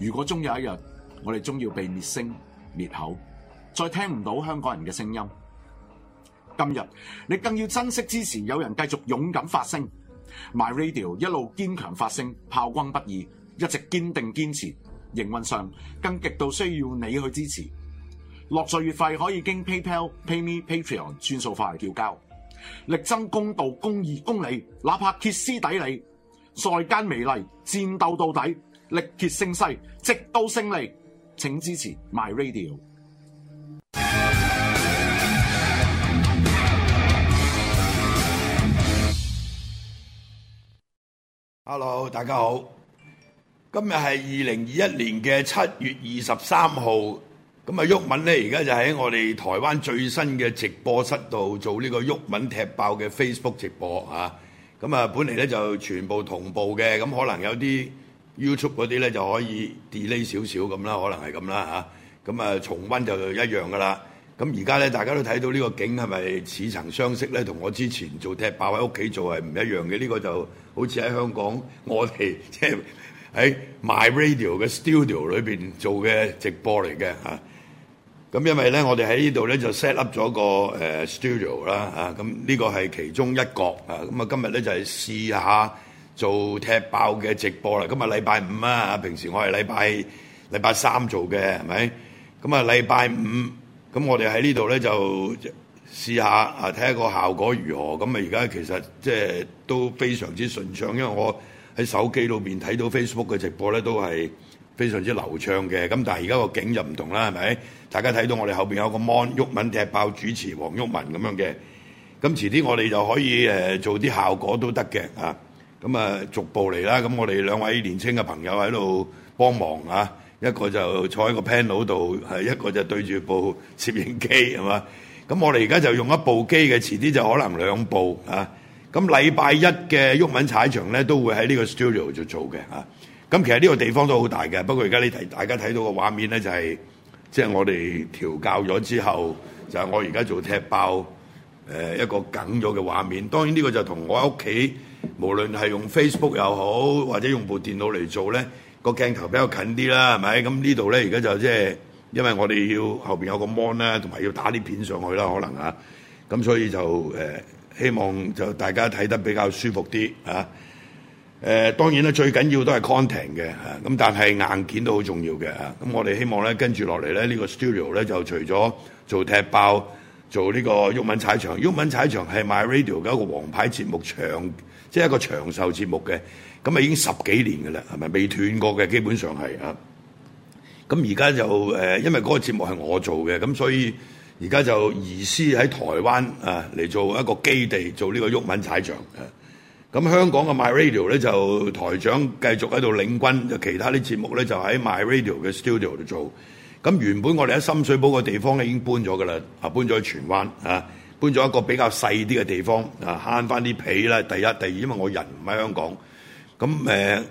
如果終有一日，我哋終要被滅聲滅口，再聽唔到香港人嘅聲音。今日你更要珍惜支持，有人繼續勇敢發聲，MyRadio 一路堅強發聲，炮轟不已，一直堅定堅持。營運上更極度需要你去支持。落稅月費可以經 PayPal、PayMe、Patreon 轉數快嚟繳交，力爭公道、公義、公理，哪怕歇斯底里，在間美利戰鬥到底。力竭勝勢，直到勝利。請支持 My Radio。Hello，大家好。今日係二零二一年嘅七月二十三號。咁啊，毓民咧，而家就喺我哋台灣最新嘅直播室度做呢個毓民踢爆嘅 Facebook 直播啊。咁啊，本嚟咧就全部同步嘅，咁可能有啲。YouTube 嗰啲咧就可以 delay 少少咁啦，可能係咁啦嚇。咁啊，啊重溫就一樣噶啦。咁而家咧大家都睇到呢個景係咪似曾相識咧？同我之前做踢爆喺屋企做係唔一樣嘅。呢、呢個就好似喺香港我哋即係喺 My Radio 嘅 studio 裏邊做嘅直播嚟嘅嚇。咁、啊啊、因為咧我哋喺呢度咧就 set up 咗個誒、uh, studio 啦、啊、嚇。咁、啊、呢、啊這個係其中一角啊。咁啊，啊今日咧就係試下。做踢爆嘅直播啦！今日禮拜五啊，平時我係禮拜禮拜三做嘅，係咪？咁、嗯、啊，禮拜五咁，我哋喺呢度呢，就試下啊，睇下個效果如何。咁、嗯、啊，而家其實即係都非常之順暢，因為我喺手機裏邊睇到 Facebook 嘅直播呢，都係非常之流暢嘅。咁、嗯、但係而家個景就唔同啦，係咪？大家睇到我哋後邊有個 Mon 毓民踢爆主持黃毓民咁樣嘅。咁遲啲我哋就可以誒、呃、做啲效果都得嘅啊！咁啊、嗯，逐步嚟啦。咁、嗯、我哋兩位年青嘅朋友喺度幫忙啊，一個就坐喺個 panel 度、啊，係一個就對住部攝影機係嘛。咁、嗯嗯、我哋而家就用一部機嘅，遲啲就可能兩部啊。咁、嗯、禮拜一嘅毓民踩場咧，都會喺呢個 studio 度做嘅啊。咁、嗯、其實呢個地方都好大嘅，不過而家你睇大家睇到個畫面咧，就係即係我哋調校咗之後，就係、我而家做踢爆誒、呃、一個梗咗嘅畫面。當然呢個就同我喺屋企。無論係用 Facebook 又好，或者用部電腦嚟做呢個鏡頭比較近啲啦，係咪？咁呢度呢，而家就即、是、係因為我哋要後邊有個 mon 啦，同埋要打啲片上去啦，可能嚇、啊。咁所以就誒、呃，希望就大家睇得比較舒服啲啊。誒、呃，當然啦，最緊要都係 content 嘅咁、啊、但係硬件都好重要嘅咁、啊、我哋希望呢，跟住落嚟呢，呢、這個 studio 呢，就除咗做踢爆，做呢個毓民踩場，毓民踩場係 My Radio 嘅一個皇牌節目場。即係一個長壽節目嘅，咁啊已經十幾年嘅啦，係咪未斷過嘅？基本上係啊，咁而家就誒、呃，因為嗰個節目係我做嘅，咁所以而家就移師喺台灣啊嚟做一個基地，做呢個毓民踢爆啊。咁、啊、香港嘅 My Radio 咧就台長繼續喺度領軍，就其他啲節目咧就喺 My Radio 嘅 studio 度做。咁、啊、原本我哋喺深水埗嘅地方咧已經搬咗嘅啦，啊搬咗去荃灣啊。搬咗一個比較細啲嘅地方，啊慳翻啲被啦！第一、第二，因為我人唔喺香港，咁誒、呃，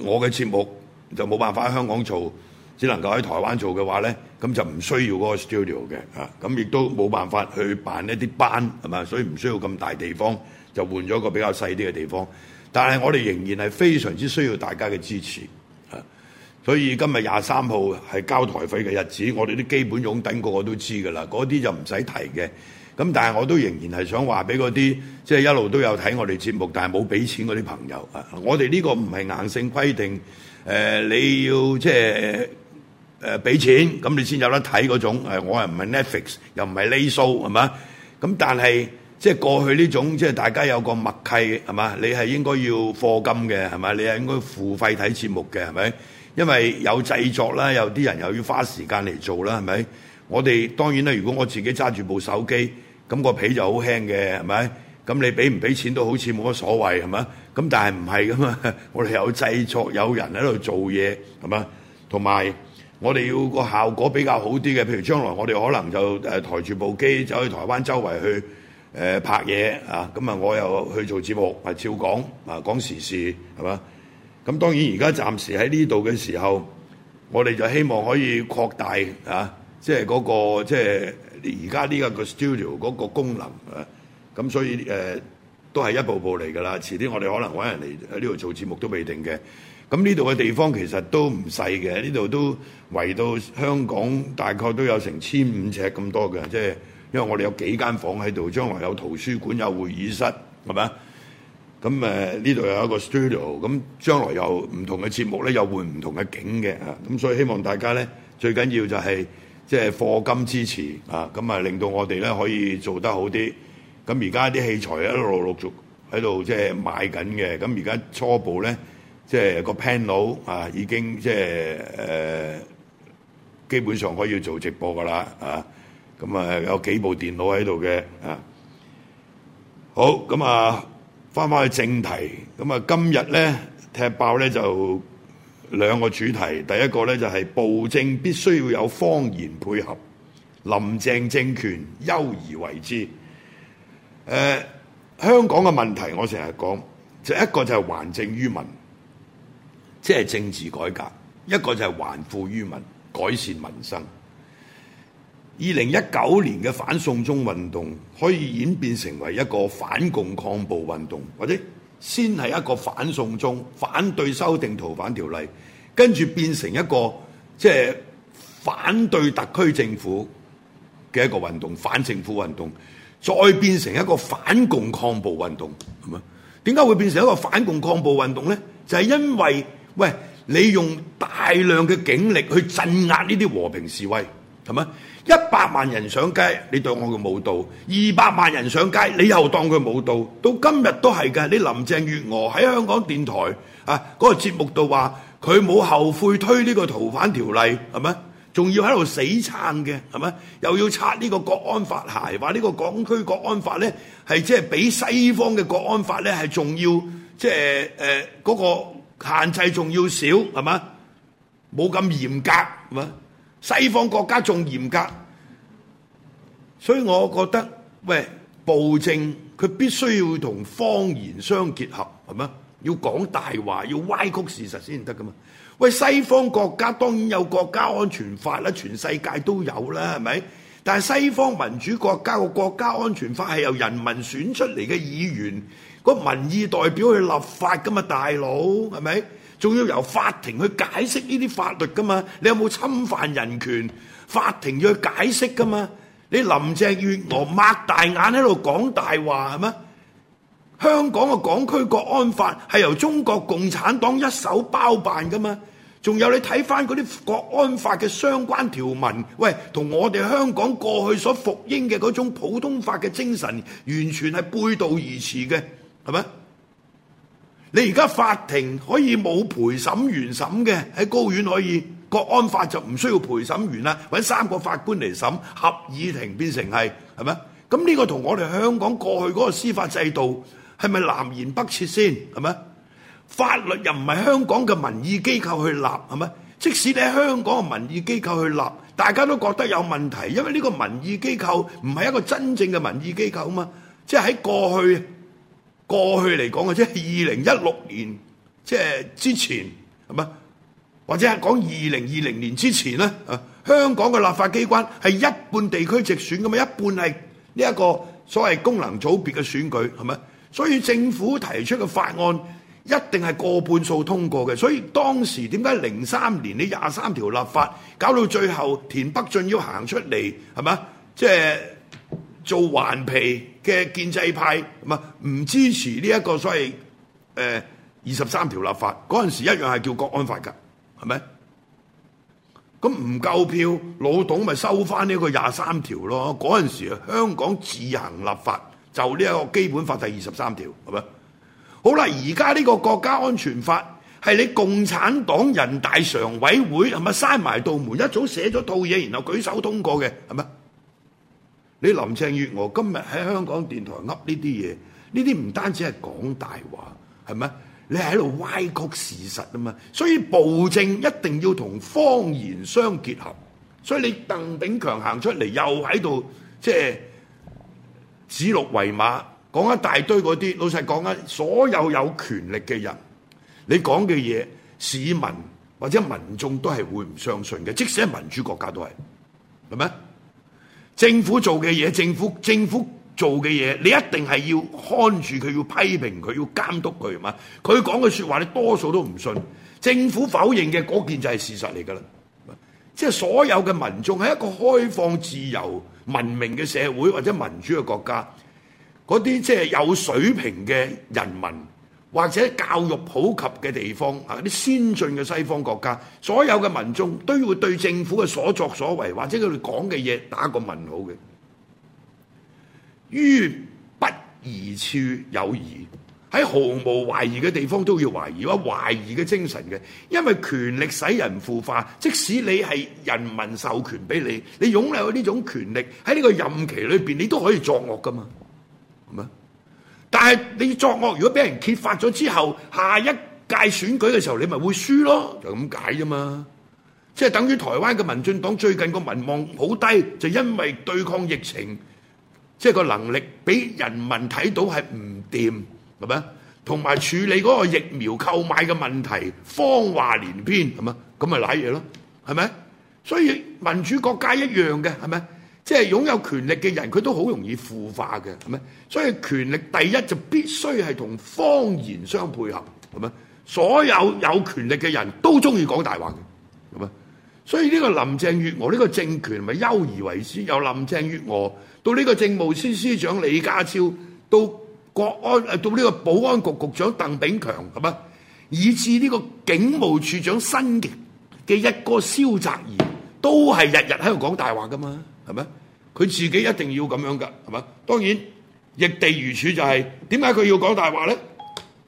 我嘅節目就冇辦法喺香港做，只能夠喺台灣做嘅話咧，咁就唔需要嗰個 studio 嘅，啊，咁亦都冇辦法去辦一啲班，係咪？所以唔需要咁大地方，就換咗一個比較細啲嘅地方。但係我哋仍然係非常之需要大家嘅支持，啊！所以今日廿三號係交台費嘅日子，我哋啲基本擁躉個個都知㗎啦，嗰啲就唔使提嘅。咁但係我都仍然係想話俾嗰啲即係一路都有睇我哋節目但係冇俾錢嗰啲朋友啊，我哋呢個唔係硬性規定誒、呃、你要即係誒俾錢咁你先有得睇嗰種、呃、我又唔係 Netflix 又唔係 Laser 係嘛？咁但係即係過去呢種即係大家有個默契係嘛？你係應該要課金嘅係嘛？你係應該付費睇節目嘅係咪？因為有製作啦，有啲人又要花時間嚟做啦係咪？我哋當然啦，如果我自己揸住部手機。咁個皮就好輕嘅，係咪？咁你俾唔俾錢都好似冇乜所謂，係咪？咁但係唔係噶嘛？ 我哋有製作，有人喺度做嘢，係咪？同埋我哋要個效果比較好啲嘅，譬如將來我哋可能就誒抬住部機走去台灣周圍去誒、呃、拍嘢啊！咁啊，我又去做節目，照講啊，講時事，係咪？咁當然而家暫時喺呢度嘅時候，我哋就希望可以擴大啊！即係嗰、那個，即係而家呢一個 studio 嗰個功能啊，咁所以誒、呃、都係一步步嚟㗎啦。遲啲我哋可能搵人嚟喺呢度做節目都未定嘅。咁呢度嘅地方其實都唔細嘅，呢度都圍到香港大概都有成千五尺咁多嘅。即係因為我哋有幾間房喺度，將來有圖書館、有會議室係咪啊？咁誒呢度有一個 studio，咁將來有唔同嘅節目咧，又換唔同嘅景嘅啊。咁所以希望大家咧最緊要就係、是。即係課金支持啊，咁、嗯、啊令到我哋咧可以做得好啲。咁而家啲器材一路陸,陸續喺度即係買緊嘅。咁而家初步咧，即係個 panel 啊，已經即係誒、呃、基本上可以做直播噶啦。啊，咁啊有幾部電腦喺度嘅啊。好，咁啊翻返去正題。咁啊今日咧踢爆咧就。兩個主題，第一個咧就係暴政必須要有謊言配合，林鄭政權優而為之。誒、呃，香港嘅問題我成日講，就一個就係還政於民，即係政治改革；一個就係還富於民，改善民生。二零一九年嘅反送中運動可以演變成為一個反共抗暴運動，或者，先係一個反送中、反對修訂逃犯條例，跟住變成一個即係、就是、反對特區政府嘅一個運動，反政府運動，再變成一個反共抗暴運動，係咪？點解會變成一個反共抗暴運動呢？就係、是、因為喂，你用大量嘅警力去鎮壓呢啲和平示威，係咪？一百萬人上街，你當我嘅冇到；二百萬人上街，你又當佢冇到。到今日都係㗎。你林鄭月娥喺香港電台啊嗰個節目度話，佢冇後悔推呢個逃犯條例，係咪？仲要喺度死撐嘅，係咪？又要拆呢個國安法鞋，話呢個港區國安法咧係即係比西方嘅國安法咧係仲要，即係誒嗰個限制仲要少，係咪？冇咁嚴格，係咪？西方國家仲嚴格，所以我覺得喂，暴政佢必須要同謊言相結合，係咩？要講大話，要歪曲事實先得噶嘛？喂，西方國家當然有國家安全法啦，全世界都有啦，係咪？但係西方民主國家個國家安全法係由人民選出嚟嘅議員個民意代表去立法噶嘛，大佬係咪？仲要由法庭去解釋呢啲法律噶嘛？你有冇侵犯人權？法庭要去解釋噶嘛？你林鄭月娥擘大眼喺度講大話係咪？香港嘅港區國安法係由中國共產黨一手包辦噶嘛？仲有你睇翻嗰啲國安法嘅相關條文，喂，同我哋香港過去所服膺嘅嗰種普通法嘅精神，完全係背道而馳嘅，係咪？你而家法庭可以冇陪審員審嘅，喺高院可以，國安法就唔需要陪審員啦，揾三個法官嚟審合議庭變成係，係咪？咁呢個同我哋香港過去嗰個司法制度係咪南延北撤，南轅北轍先，係咪？法律又唔係香港嘅民意機構去立係咪？即使你喺香港嘅民意機構去立，大家都覺得有問題，因為呢個民意機構唔係一個真正嘅民意機構啊嘛，即係喺過去。過去嚟講嘅，即係二零一六年即係之前，係咪？或者係講二零二零年之前咧？啊，香港嘅立法機關係一半地區直選㗎嘛，一半係呢一個所謂功能組別嘅選舉，係咪？所以政府提出嘅法案一定係過半數通過嘅。所以當時點解零三年呢廿三條立法搞到最後，田北俊要行出嚟，係咪？即係做環皮。嘅建制派唔啊，唔支持呢一個所謂誒二十三條立法嗰陣時一樣，係叫國安法噶，係咪？咁唔夠票，老董咪收翻呢個廿三條咯。嗰陣時啊，香港自行立法就呢一個基本法第二十三條，係咪？好啦，而家呢個國家安全法係你共產黨人大常委會，係咪閂埋道門，一早寫咗套嘢，然後舉手通過嘅，係咪？是你林鄭月娥今日喺香港電台噏呢啲嘢，呢啲唔單止係講大話，係咪？你喺度歪曲事實啊嘛！所以暴政一定要同謊言相結合。所以你鄧炳強行出嚟又喺度即係指鹿為馬，講一大堆嗰啲老實講緊，所有有權力嘅人，你講嘅嘢市民或者民眾都係會唔相信嘅，即使係民主國家都係，係咪？政府做嘅嘢，政府政府做嘅嘢，你一定係要看住佢，要批評佢，要監督佢嘛！佢講嘅說話你多數都唔信。政府否認嘅嗰件就係事實嚟噶啦。即係所有嘅民眾係一個開放、自由、文明嘅社會或者民主嘅國家，嗰啲即係有水平嘅人民。或者教育普及嘅地方，啊啲先進嘅西方國家，所有嘅民眾都要對政府嘅所作所為或者佢哋講嘅嘢打個問號嘅。於不疑處有疑，喺毫無懷疑嘅地方都要懷疑，有懷疑嘅精神嘅。因為權力使人腐化，即使你係人民授權俾你，你擁有呢種權力喺呢個任期裏邊，你都可以作惡噶嘛，係咪？但係你作惡，如果俾人揭發咗之後，下一屆選舉嘅時候，你咪會輸咯，就咁解啫嘛。即係等於台灣嘅民進黨最近個民望好低，就因為對抗疫情，即係個能力俾人民睇到係唔掂，係咪？同埋處理嗰個疫苗購買嘅問題，謊話連篇，係咪？咁咪瀨嘢咯，係咪？所以民主國家一樣嘅，係咪？即係擁有權力嘅人，佢都好容易腐化嘅，係咪？所以權力第一就必須係同謊言相配合，係咪？所有有權力嘅人都中意講大話嘅，係咪？所以呢個林鄭月娥呢、呢個政權咪優而為之？由林鄭月娥到呢個政務司司長李家超，到國安到呢個保安局局長鄧炳強，係咪？以至呢個警務處長新嘅嘅一哥蕭澤頤，都係日日喺度講大話噶嘛。係咪？佢自己一定要咁樣㗎，係咪？當然，易地而處就係點解佢要講大話咧？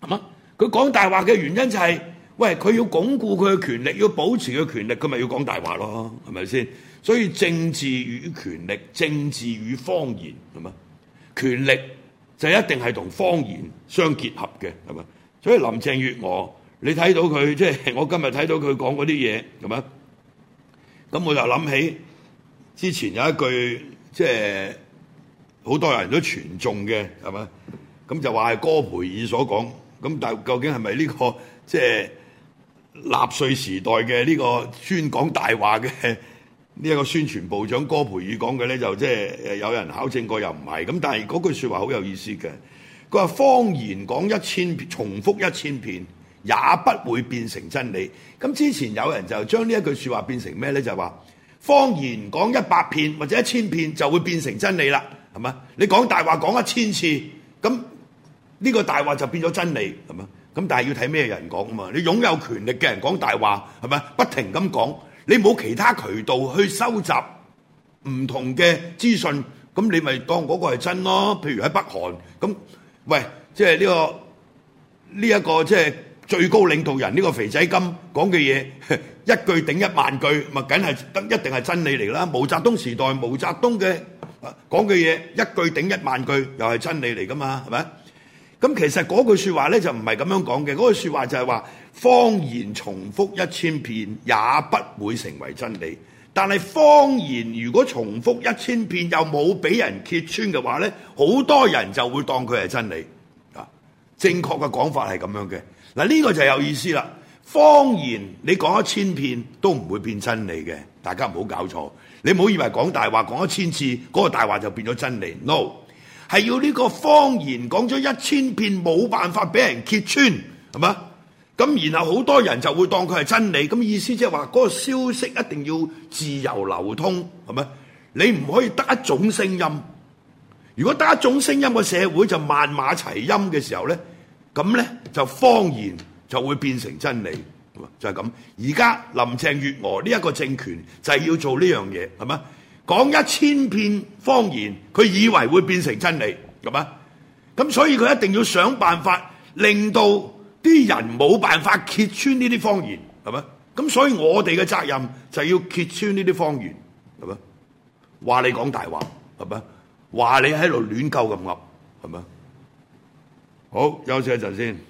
係嘛？佢講大話嘅原因就係、是，喂，佢要鞏固佢嘅權力，要保持佢嘅權力，佢咪要講大話咯？係咪先？所以政治與權力，政治與謊言係嘛？權力就一定係同謊言相結合嘅，係嘛？所以林鄭月娥，你睇到佢即係我今日睇到佢講嗰啲嘢，係嘛？咁我就諗起。之前有一句即係好多人都傳頌嘅，係嘛？咁就話係戈培爾所講，咁但究竟係咪呢個即係納粹時代嘅呢、這個這個宣講大話嘅呢一個宣傳部長戈培爾講嘅咧，就即係有人考證過又唔係，咁但係嗰句說話好有意思嘅，佢話謊言講一千遍，重複一千遍，也不會變成真理。咁之前有人就將呢一句說話變成咩咧？就話。謊言講一百遍或者一千遍就會變成真理啦，係咪？你講大話講一千次，咁呢個大話就變咗真理，係咪？咁但係要睇咩人講啊嘛？你擁有權力嘅人講大話，係咪？不停咁講，你冇其他渠道去收集唔同嘅資訊，咁你咪當嗰個係真咯？譬如喺北韓，咁喂，即係呢個，呢一個，即係。最高領導人呢個肥仔金講嘅嘢一句頂一萬句，咪梗係得一定係真理嚟啦。毛澤東時代，毛澤東嘅講嘅嘢一句頂一萬句，又係真理嚟噶嘛？係咪？咁其實嗰句説話呢，就唔係咁樣講嘅。嗰句説話就係話謊言重複一千遍也不會成為真理，但係謊言如果重複一千遍又冇俾人揭穿嘅話呢，好多人就會當佢係真理。啊，正確嘅講法係咁樣嘅。嗱呢個就有意思啦！謊言你講一千遍都唔會變真理嘅，大家唔好搞錯。你唔好以為講大話講一千次，嗰、那個大話就變咗真理。No，係要呢個謊言講咗一千遍，冇辦法俾人揭穿，係咪？咁然後好多人就會當佢係真理。咁意思即係話嗰個消息一定要自由流通，係咪？你唔可以得一種聲音。如果得一種聲音嘅社會就萬馬齊喑嘅時候呢。咁呢，就謊言就會變成真理，就係咁。而家林鄭月娥呢一個政權就係要做呢樣嘢，係咪？講一千遍謊言，佢以為會變成真理，係咪？咁所以佢一定要想辦法令到啲人冇辦法揭穿呢啲謊言，係咪？咁所以我哋嘅責任就要揭穿呢啲謊言，係咪？話你講大話，係咪？話你喺度亂鳩咁噏，係咪？好，休息一陣先。